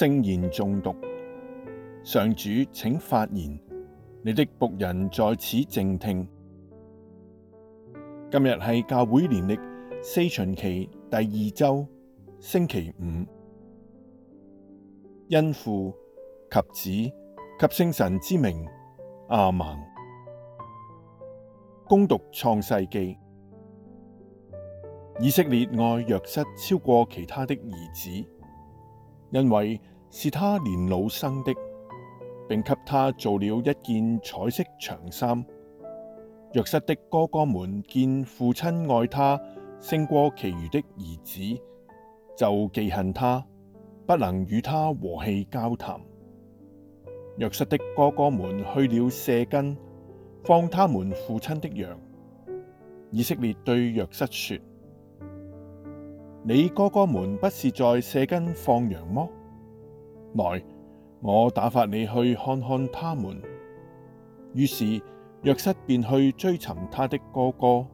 聖言誦讀，上主，請發言，你的僕人在此靜聽。今日係教會年曆四旬期第二周，星期五。因父及子及聖神之名，阿們。恭讀創世紀，以色列愛若瑟超過其他的兒子，因為，是他年老生的，並給他做了一件彩色長衫。若瑟的哥哥們見父親愛他勝過其餘的兒子，就忌恨他，不能與他和氣交談。若瑟的哥哥們去了舍根，放他們父親的羊。以色列對若瑟說：你哥哥們不是在舍根放羊麼？來，我打發你去看看他們。於是若瑟便去追尋他的哥哥，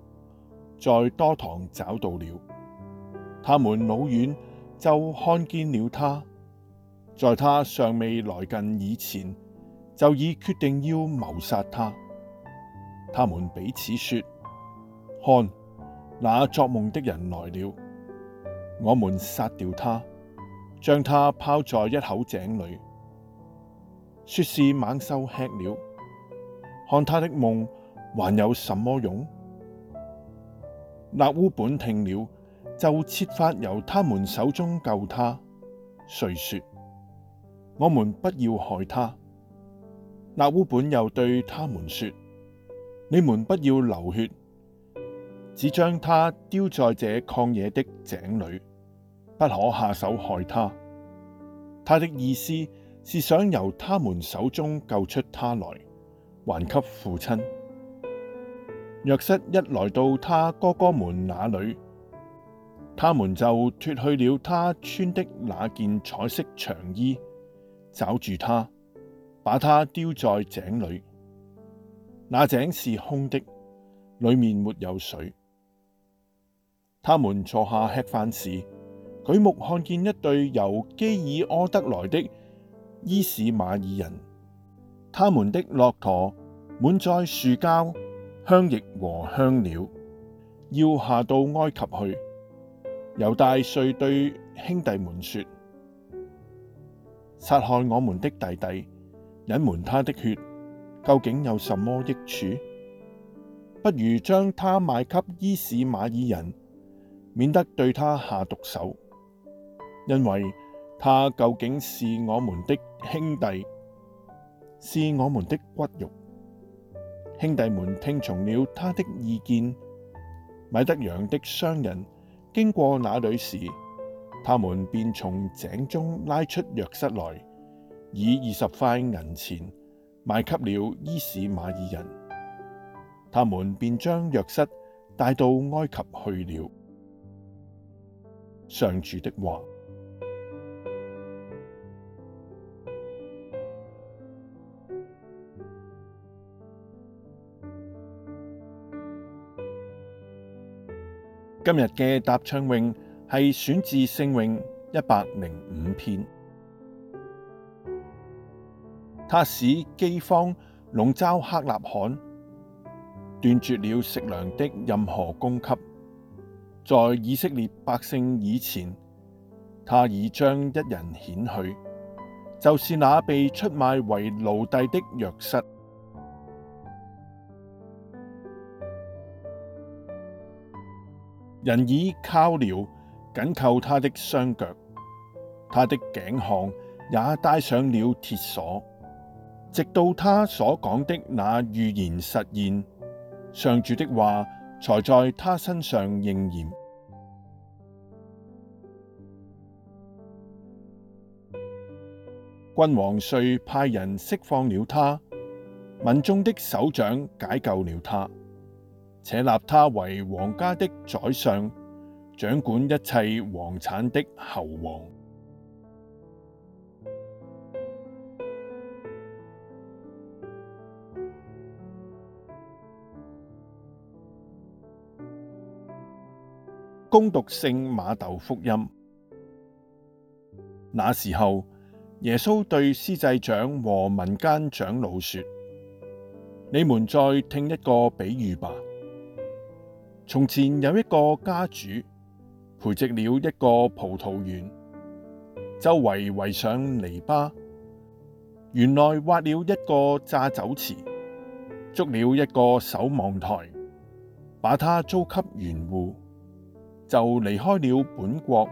在多堂找到了，他們老遠就看見了他，在他尚未來近以前，就已決定要謀殺他。他們彼此說：看，那作夢的人來了，我們殺掉他。將他拋在一口井裏，說是猛獸吃了。看他的夢還有什麼用？勒烏本聽了，就設法由他們手中救他。遂說：我們不要害他。勒烏本又對他們說：你們不要流血，只將他丟在這曠野的井裏。不可下手害他。他的意思是想由他們手中救出他來，還給父親。若瑟一來到他哥哥們那裡，他們就脫去了他穿的那件彩色長衣，抓住他，把他丟在井裡。那井是空的，裡面沒有水。他們坐下吃飯時，舉目看見一隊由基耳阿得來的依巿瑪耳人，他們的駱駝滿載樹膠、香液和香料，要下到埃及去。猶大遂對兄弟們說：殺害我們的弟弟，隱瞞他的血，究竟有什麼益處？不如將他賣給依巿瑪耳人，免得對他下毒手。因為他究竟是我們的兄弟，是我們的骨肉。兄弟們聽從了他的意見，米德楊的商人經過那裏時，他們便從井中拉出若瑟來，以二十塊銀錢賣給了依巿瑪耳人。他們便將若瑟帶到埃及去了。上主的話。今日嘅答唱詠係選自聖詠一百零五篇。他使饑荒籠罩客納罕，斷絕了食糧的任何供給。在以色列百姓以前，他已將一人遣去，就是那被出賣為奴隸的若瑟。人以銬鐐，緊扣他的雙腳，他的頸項也戴上了鐵鎖，直到他所講的那預言實現，上主的話才在他身上應驗。君王遂派人釋放了他，民眾的首長解救了他。且立他為皇家的宰相，掌管一切皇產的侯王。恭讀《聖瑪竇福音》。那時候，耶穌對司祭長和民間長老說：你們再聽一個比喻吧。從前有一個家主，培植了一個葡萄園，周圍圍上籬笆。園內挖了一個榨酒池，築了一個守望台，把它租給園戶，就離開了本國。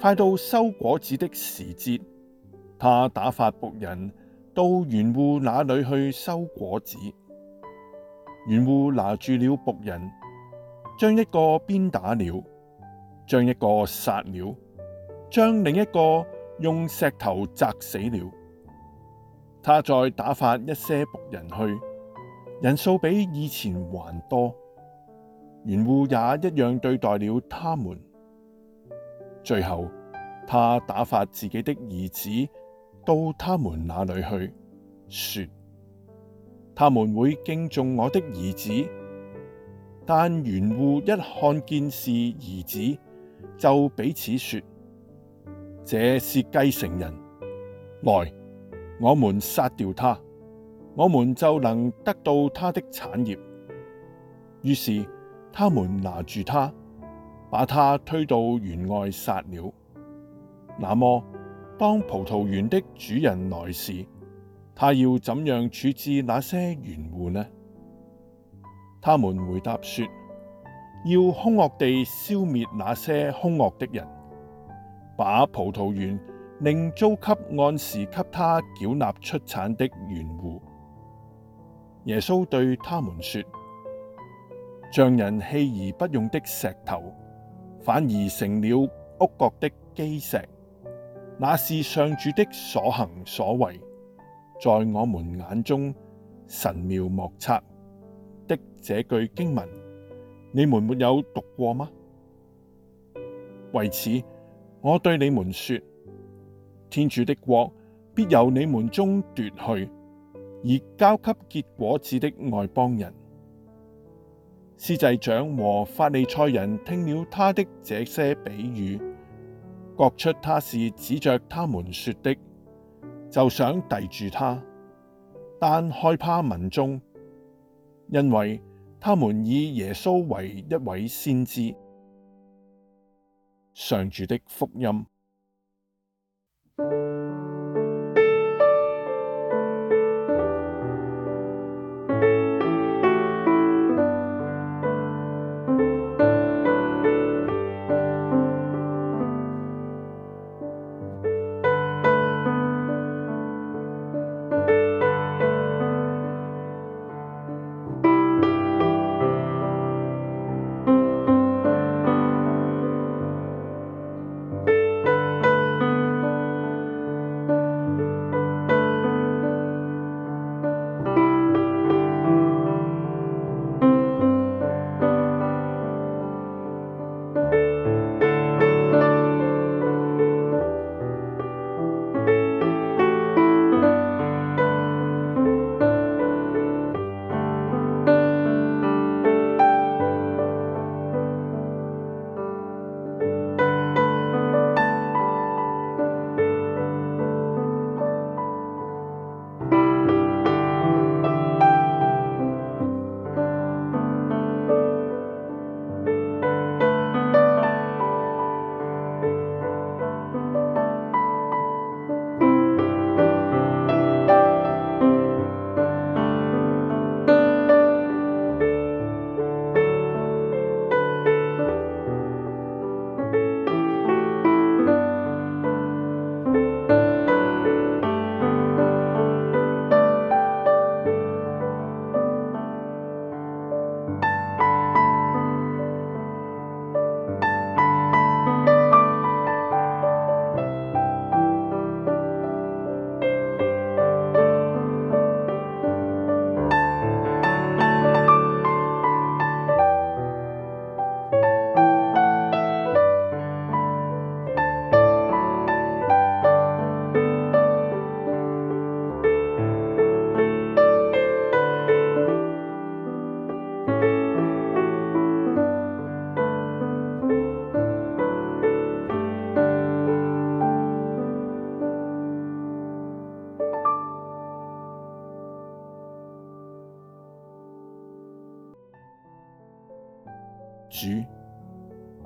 快到收果子的時節，他打發僕人到園戶那裡去收果子，園戶拿住了僕人。將一個鞭打了，將一個殺了，將另一個用石頭砸死了。他再打發一些僕人去，人數比以前還多，園戶也一樣對待了他們。最後，他打發自己的兒子到他們那裡去，說：他們會敬重我的兒子。但園戶一看見是兒子，就彼此說：這是繼承人，來，我們殺掉他，我們就能得到他的產業。於是他們拿住他，把他推到園外殺了。那麼，當葡萄園的主人來時，他要怎樣處置那些園戶呢？他們回答說：要凶惡地消滅那些凶惡的人，把葡萄園另租給按時給他繳納出產的園戶。耶穌對他們說：匠人棄而不用的石頭，反而成了屋角的基石。那是上主的所行所為，在我們眼中神妙莫測。的這句經文，你們沒有讀過嗎？為此，我對你們說，天主的國必由你們中奪去，而交給結果子的外邦人。司祭長和法利賽人聽了他的這些比喻，覺出他是指着他們說的，就想逮住他，但害怕民眾。因為他們以耶穌為一位先知。上主的福音。